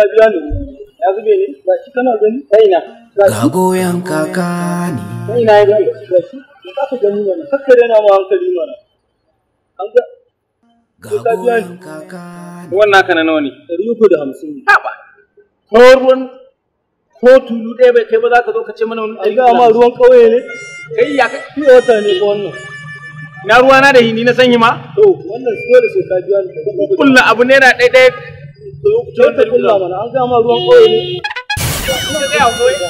ta biya ya zube ne ba shi kana gani ta ina ga goyon kaka ne ta ina ya gani ga shi ba ka gani mana sakka da ma hankali mana an ga ta biya ni wannan kana nawa ne ɗari uku da hamsin ne ba ko ruwan ko tulu ɗaya bai kai ba za ka zo ka ce mana wani ɗari ma ruwan ƙauye ne kai ya kai wata ne ko wannan na ruwana da hini na sanyi ma to wannan su da sai ka biya abu ne na ɗaiɗai ta kulla mana an gama ruwan ƙauye ne.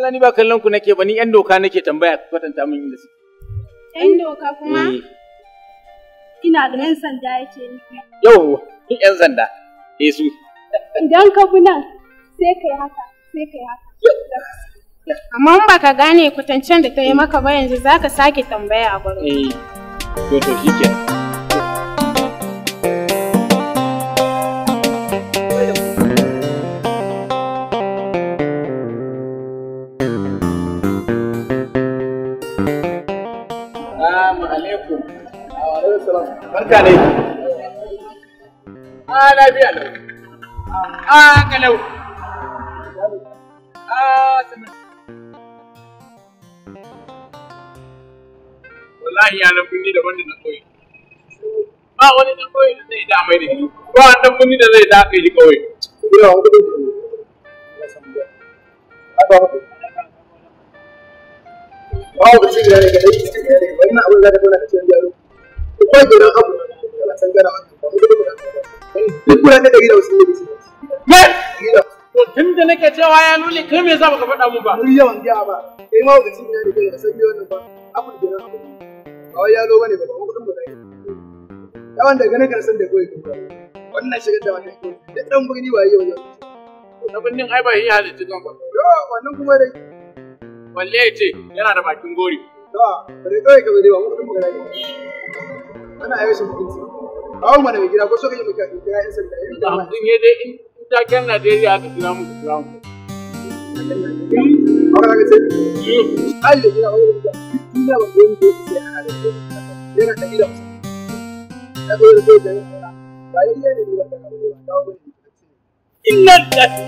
da ni ba kallon ku nake ba ni yan doka nake tambaya ku kwatanta min inda suke. Yan doka kuma? Eh. Ina da yan sanda yake nufi. Yau, ni yan sanda. Eh su. Idan ka bi nan sai kai haka, sai kai haka. Amma in baka gane kwatancen da ta yi maka ba yanzu zaka sake tambaya a gurin. Eh. To to shikenan. barka ne a ah, lafiya a kalau a sanar wallahi ya nan binni daban da na koyi ba wani na koyi da zai damai da ba wani nan binni da zai dakai shi kawai Bawo da shi ne ga wannan abin da ka tona ka ce yaro. ko gidan ɗari wasu tun da nake cewa ya nuni kai me za baka faɗa mu ba ni yawan giya ba kai ma wakacin ya rike da san yawan ba abu gidan abu ba wai yalo ne ba kuma kudin mu yawan daga na karsan da goyi kuma wannan shigar da wannan da dan burni ba yau yau na binnin ai ba yi halitta ba yo wannan kuma dai walle ce yana da bakin gori to bare kai ka bai ba kudin ana ayo sun fi Kawo mana mai gida ko so muka kira yan sanda. Da hamsin ya dai in Najeriya aka kira mu kira mu. ce? gida da. ba da a da da da ba yayi ne da kawo Inna lillahi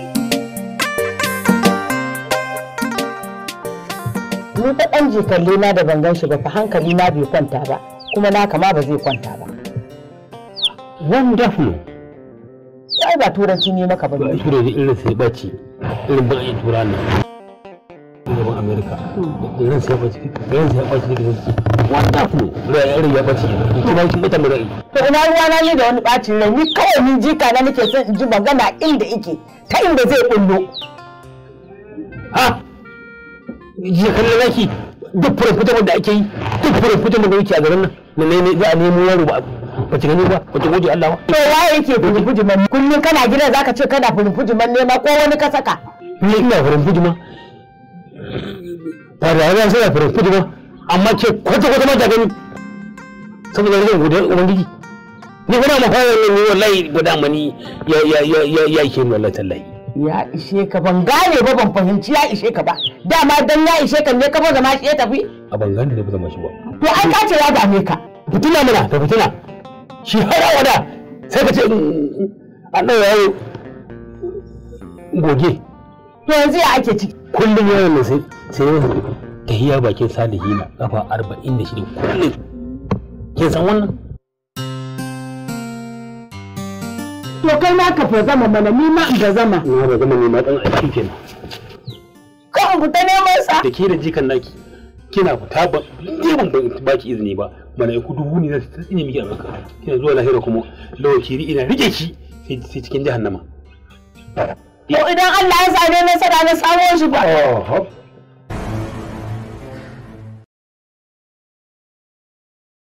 ni fa ɗan jikalle na da ban gan shi ba fa hankali na bai kwanta ba kuma naka ma ba zai kwanta ba wonderful ai ba turanci ne maka ba ne turanci irin sai bace irin ba ai turan nan gaban america irin sai bace irin sai bace ne wonderful rai irin ya bace kuma kin bata mu rai to ina ruwa na yi da wani bacin rai ni kawai ni jika na nake son in ji magana inda ike ta inda zai kullo ha jiya kallon zaki duk fura da ake yi duk furin fitin da yake a garin nan na ne za a nemo yaro ba ba ci gani ba ba ci gode Allah ba to waye yake furin fujiman kullum kana gidan zaka ce kana furin fujiman ne ma ko wani ka saka ni ina furin fujiman ba da yana sai furin fujiman amma ke kwata kwata ma ta gani saboda rage godiyar ubangiji ni kuma ma fara ne wallahi godamani ya ya ya ya ya ke wallahi tallahi ya ishe ka ban gane ba ban fahimci ya ishe ka ba dama dan ya ishe ka ne ka ba zama shi ya tafi a ban gane ne ba zama shi ba to an ka ce ya dame ka fitina mana to fitina shi hara wada sai ka ce mm, mm, an ɗaura yayi goge to yanzu ya ake ciki kullum yayin ne sai sai yawan tahiya bakin salihina kafa arba'in da shida kullum kin san wannan to kai ma ka fa zama mana ni ma in zama na ba zama ni ma dan aiki kenan kan ku ta neman sa da ke da jikan naki kina fita ba ban ba ki izini ba ku dubu ne za su tsine miki a maka kina zuwa lahira kuma lawaki ri ina rike ki sai cikin jahannama ko idan Allah ya sane na sada na samu shi ba oh,